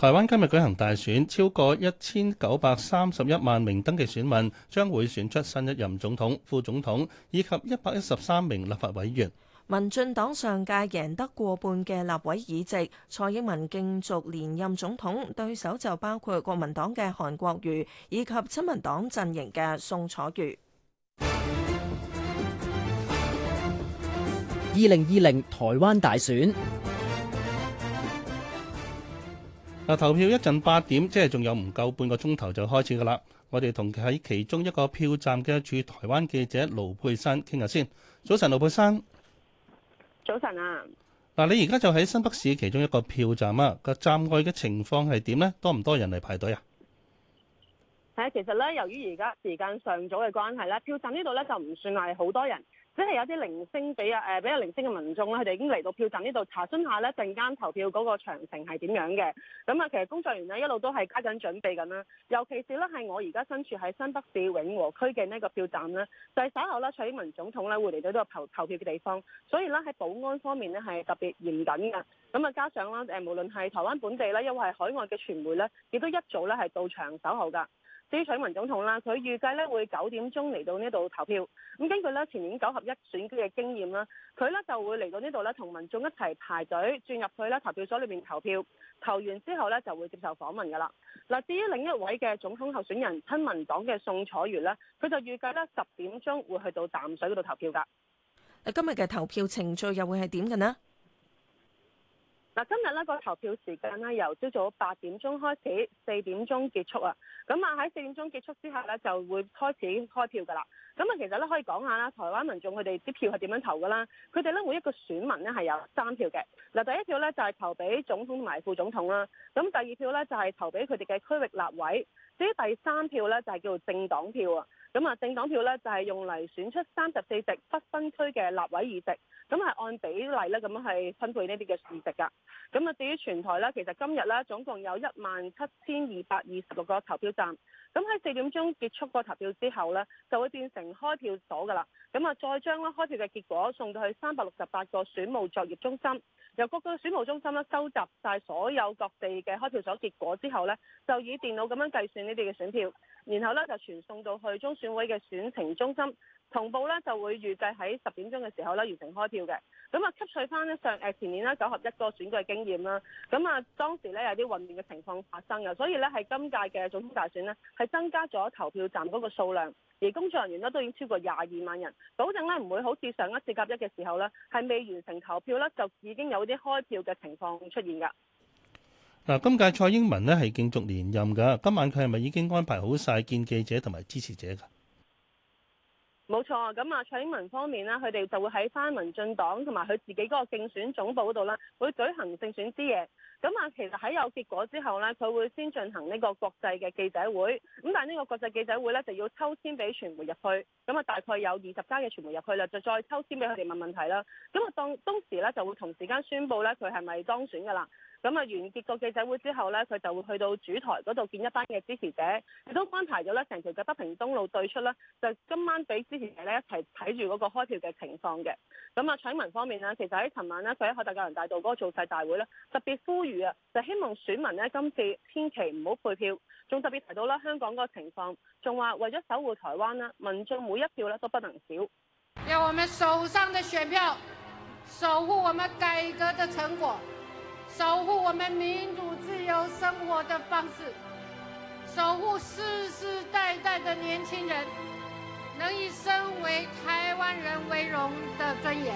台灣今日舉行大選，超過一千九百三十一萬名登記選民，將會選出新一任總統、副總統以及一百一十三名立法委員。民進黨上屆贏得過半嘅立委議席，蔡英文競逐連任總統，對手就包括國民黨嘅韓國瑜以及親民黨陣營嘅宋楚瑜。二零二零台灣大選。嗱，投票一陣八點，即係仲有唔夠半個鐘頭就開始噶啦。我哋同喺其中一個票站嘅駐台灣記者盧珮珊傾下先。早晨，盧珮珊早晨啊！嗱，你而家就喺新北市其中一個票站啊，個站外嘅情況係點呢？多唔多人嚟排隊啊？係啊，其實咧，由於而家時間尚早嘅關係咧，票站呢度咧就唔算係好多人。即係有啲零星比較，俾啊誒，比較零星嘅民眾咧，佢哋已經嚟到票站呢度查詢下咧，陣間投票嗰個詳情係點樣嘅？咁啊，其實工作員呢，一路都係加緊準備緊啦。尤其是咧，係我而家身處喺新北市永和區嘅呢個票站咧，就係、是、稍後咧蔡英文總統咧會嚟到呢個投投票嘅地方，所以咧喺保安方面咧係特別嚴謹㗎。咁啊，加上啦誒，無論係台灣本地咧，亦或係海外嘅傳媒咧，亦都一早咧係到場守候噶。至於蔡英文總統啦，佢預計咧會九點鐘嚟到呢度投票。咁根據咧前年九合一選舉嘅經驗啦，佢咧就會嚟到呢度咧同民眾一齊排隊，進入去咧投票所裏面投票。投完之後咧就會接受訪問噶啦。嗱，至於另一位嘅總統候選人親民黨嘅宋楚瑜咧，佢就預計咧十點鐘會去到淡水嗰度投票噶。今日嘅投票程序又會係點嘅呢？嗱，今日咧個投票時間咧由朝早八點鐘開始，四點鐘結束啊。咁啊喺四點鐘結束之後咧就會開始開票噶啦。咁啊其實咧可以講下啦，台灣民眾佢哋啲票係點樣投噶啦？佢哋咧每一個選民咧係有三票嘅。嗱，第一票咧就係投俾總統同埋副總統啦。咁第二票咧就係投俾佢哋嘅區域立委。至於第三票咧就係叫做政黨票啊。咁啊，政黨票咧就係用嚟選出三十四席不分區嘅立委議席，咁係按比例咧咁樣係分配呢啲嘅議席噶。咁啊，至於全台咧，其實今日咧總共有一萬七千二百二十六個投票站。咁喺四點鐘結束個投票之後呢，就會變成開票所㗎喇。咁啊，再將咧開票嘅結果送到去三百六十八個選務作業中心，由各個選務中心咧收集晒所有各地嘅開票所結果之後呢，就以電腦咁樣計算你哋嘅選票，然後咧就傳送到去中選會嘅選情中心。同步咧就會預計喺十點鐘嘅時候咧完成開票嘅，咁啊吸取翻上誒前年啦九合一嗰個選舉嘅經驗啦，咁啊當時呢，有啲混亂嘅情況發生嘅，所以呢，係今屆嘅總統大選呢，係增加咗投票站嗰個數量，而工作人員呢，都已經超過廿二萬人，保證呢，唔會好似上一次甲一嘅時候呢，係未完成投票呢，就已經有啲開票嘅情況出現嘅。嗱，今屆蔡英文呢，係競逐連任㗎，今晚佢係咪已經安排好晒見記者同埋支持者㗎？冇錯，咁啊蔡英文方面呢，佢哋就會喺翻民進黨同埋佢自己嗰個競選總部嗰度呢，會舉行競選之夜。咁啊，其實喺有結果之後呢，佢會先進行呢個國際嘅記者會。咁但係呢個國際記者會呢，就要抽籤俾傳媒入去。咁啊，大概有二十家嘅傳媒入去啦，就再抽籤俾佢哋問問題啦。咁啊，當當時呢，就會同時間宣布呢，佢係咪當選噶啦。咁啊，完結個記者會之後咧，佢就會去到主台嗰度見一班嘅支持者。亦都安排咗咧，成條嘅北平東路對出咧，就今晚俾支持者咧一齊睇住嗰個開票嘅情況嘅。咁啊，蔡英文方面呢，其實喺尋晚咧，佢喺凱達格蘭大道嗰個造勢大會咧，特別呼籲啊，就希望選民呢今次千祈唔好配票，仲特別提到啦，香港個情況，仲話為咗守護台灣啦，民眾每一票咧都不能少。要我們手上的選票，守護我們改革的成果。守護我們民主自由生活的方式，守護世世代代的年輕人，能以身為台灣人為榮的尊嚴，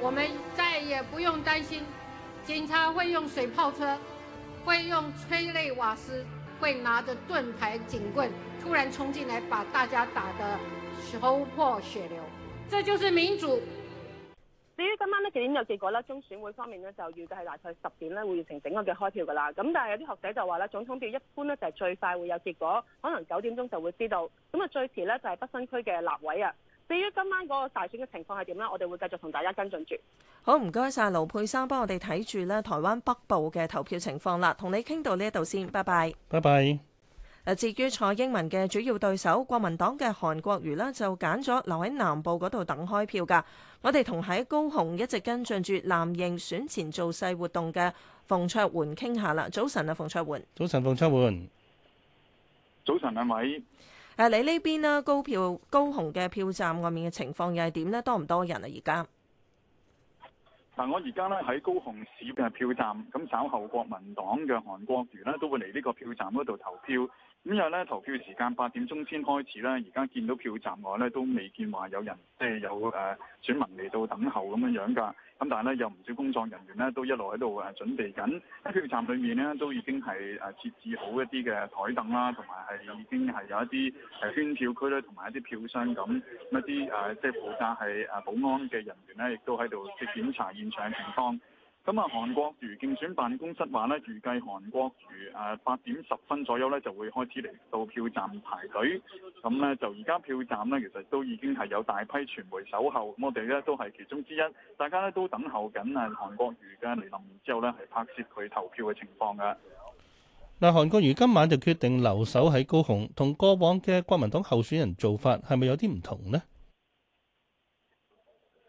我們再也不用擔心警察會用水炮車，會用催淚瓦斯，會拿着盾牌警棍突然衝進來把大家打得頭破血流。這就是民主。至於今晚咧幾點有結果咧？中選會方面咧就預計係大概十點咧會完成整個嘅開票噶啦。咁但係有啲學者就話咧總統票一般咧就係最快會有結果，可能九點鐘就會知道。咁啊最遲呢，就係北新區嘅立委啊。至於今晚嗰個大選嘅情況係點呢？我哋會繼續同大家跟進住。好唔該晒，謝謝盧珮珊幫我哋睇住呢台灣北部嘅投票情況啦。同你傾到呢一度先，拜拜。拜拜。至於蔡英文嘅主要對手國民黨嘅韓國瑜呢，就揀咗留喺南部嗰度等開票㗎。我哋同喺高雄一直跟進住藍營選前造勢活動嘅馮卓垣傾下啦。早晨啊，馮卓垣。早晨，馮卓垣。早晨，兩位？誒，你呢邊呢？高票高雄嘅票站外面嘅情況又係點呢？多唔多人啊？而家。嗱，我而家呢喺高雄市嘅票站，咁稍後國民黨嘅韓國瑜呢，都會嚟呢個票站嗰度投票。咁又咧投票時間八點鐘先開始啦，而家見到票站外咧都未見話有人，即係有誒選民嚟到等候咁樣樣㗎。咁但係咧有唔少工作人員咧都一路喺度誒準備緊，喺票站裏面咧都已經係誒設置好一啲嘅台凳啦，同埋係已經係有一啲誒圈票區咧，同埋一啲票箱咁，一啲誒即係負責係誒保安嘅人員咧，亦都喺度檢查現場情況。咁啊，韓國瑜競選辦公室話呢，預計韓國瑜誒八點十分左右呢就會開始嚟到票站排隊。咁呢就而家票站呢，其實都已經係有大批傳媒守候，我哋呢都係其中之一。大家呢都等候緊啊，韓國瑜嘅嚟臨之後呢係拍攝佢投票嘅情況㗎。嗱，韓國瑜今晚就決定留守喺高雄，同過往嘅國民黨候選人做法係咪有啲唔同呢？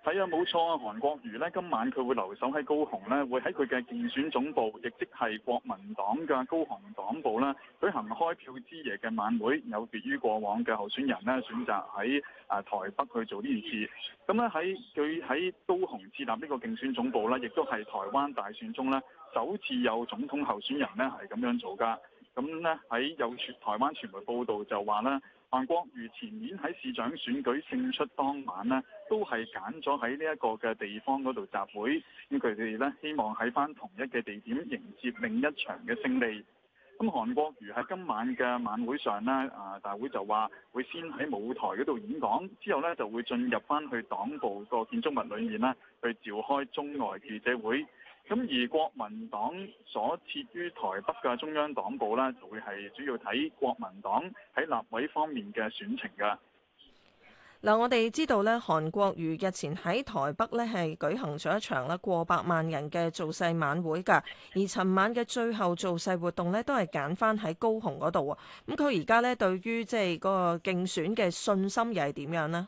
係啊，冇錯啊！韓國瑜呢，今晚佢會留守喺高雄呢，會喺佢嘅競選總部，亦即係國民黨嘅高雄黨部啦，舉行開票之夜嘅晚會。有別於過往嘅候選人呢選擇喺啊、呃、台北去做呢件事。咁、嗯、呢，喺佢喺高雄設立呢個競選總部呢，亦都係台灣大選中呢首次有總統候選人呢係咁樣做㗎。咁、嗯、呢，喺有台灣傳媒報道就話呢。韓國瑜前年喺市長選舉勝出當晚呢，都係揀咗喺呢一個嘅地方嗰度集會，咁佢哋呢希望喺翻同一嘅地點迎接另一場嘅勝利。咁韓國瑜喺今晚嘅晚會上呢啊，大會就話會先喺舞台嗰度演講，之後呢就會進入翻去黨部個建築物裏面呢去召開中外記者會。咁而國民黨所設於台北嘅中央黨部呢，就會係主要睇國民黨喺立委方面嘅選情㗎。嗱、啊，我哋知道咧，韓國瑜日前喺台北咧係舉行咗一場咧過百萬人嘅造勢晚會㗎。而尋晚嘅最後造勢活動呢，都係揀翻喺高雄嗰度啊。咁佢而家呢，對於即係個競選嘅信心又係點樣呢？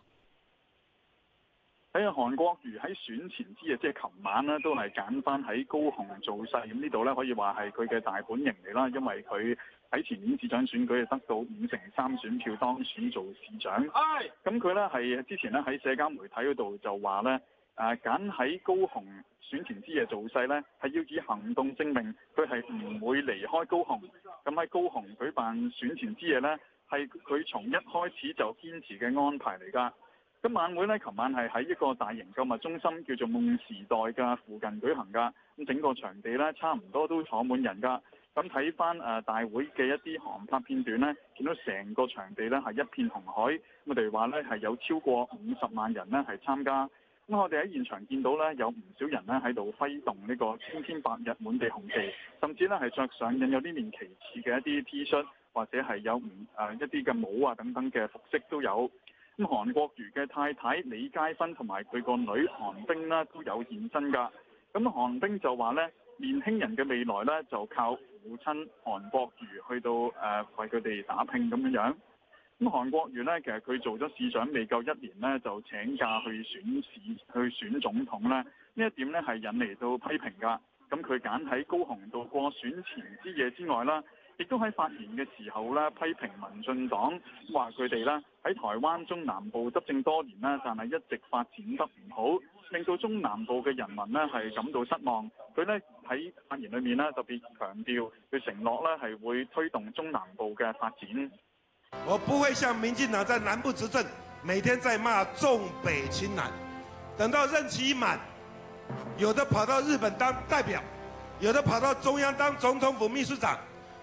喺韓國瑜喺選前之夜，即係琴晚咧，都係揀翻喺高雄做勢。咁呢度咧，可以話係佢嘅大本營嚟啦，因為佢喺前年市長選舉誒得到五成三選票當選做市長。咁佢咧係之前咧喺社交媒體嗰度就話咧，誒揀喺高雄選前之夜做勢咧，係要以行動證明佢係唔會離開高雄。咁喺高雄舉辦選前之夜咧，係佢從一開始就堅持嘅安排嚟噶。咁晚會咧，琴晚係喺一個大型購物中心叫做夢時代嘅附近舉行噶。咁整個場地咧，差唔多都坐滿人噶。咁睇翻誒大會嘅一啲航拍片段咧，見到成個場地咧係一片紅海。咁我哋話咧係有超過五十萬人呢係參加。咁我哋喺現場見到咧，有唔少人呢喺度揮動呢個青天白日滿地紅旗，甚至呢係着上印有呢面旗幟嘅一啲 T 恤，或者係有唔、呃、一啲嘅帽啊等等嘅服飾都有。咁韓國瑜嘅太太李佳芬同埋佢個女韓冰咧都有現身㗎。咁韓冰就話咧，年輕人嘅未來咧就靠父親韓國瑜去到誒為佢哋打拼咁樣樣。咁韓國瑜呢，其實佢做咗市長未夠一年呢，就請假去選市去選總統咧。呢一點呢，係引嚟到批評㗎。咁佢揀喺高雄度過選前之夜之外啦。亦都喺發言嘅時候咧，批評民進黨話佢哋咧喺台灣中南部執政多年啦，但係一直發展得唔好，令到中南部嘅人民咧係感到失望。佢咧喺發言裏面咧特別強調，佢承諾咧係會推動中南部嘅發展。我不會像民進黨在南部執政，每天在罵重北輕南，等到任期一滿，有的跑到日本當代表，有的跑到中央當總統府秘書長。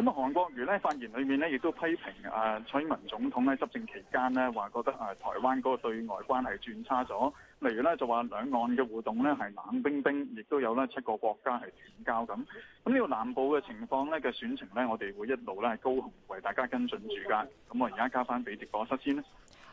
咁啊，韓國瑜咧發言裏面咧，亦都批評啊蔡英文總統咧執政期間咧，話覺得啊台灣嗰個對外關係轉差咗，例如咧就話兩岸嘅互動咧係冷冰冰，亦都有咧七個國家係斷交咁。咁呢個南部嘅情況咧嘅選情咧，我哋會一路咧係高雄為大家跟進住噶。咁我而家交翻俾直播室先啦。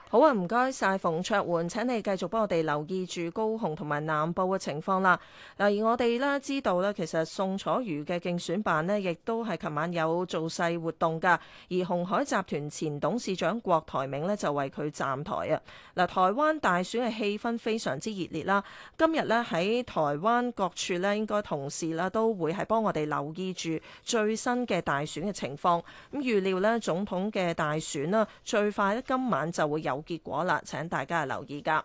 好啊，唔該晒。馮卓垣，請你繼續幫我哋留意住高雄同埋南部嘅情況啦。嗱，而我哋咧知道咧，其實宋楚瑜嘅競選辦咧，亦都係琴晚有造勢活動噶。而鴻海集團前董事長郭台銘咧就為佢站台啊。嗱，台灣大選嘅氣氛，非常之熱烈啦。今日咧喺台灣各處咧，應該同時啦都會係幫我哋留意住最新嘅大選嘅情況。咁預料咧總統嘅大選啦，最快咧今晚就會有冇結果啦！請大家留意㗎。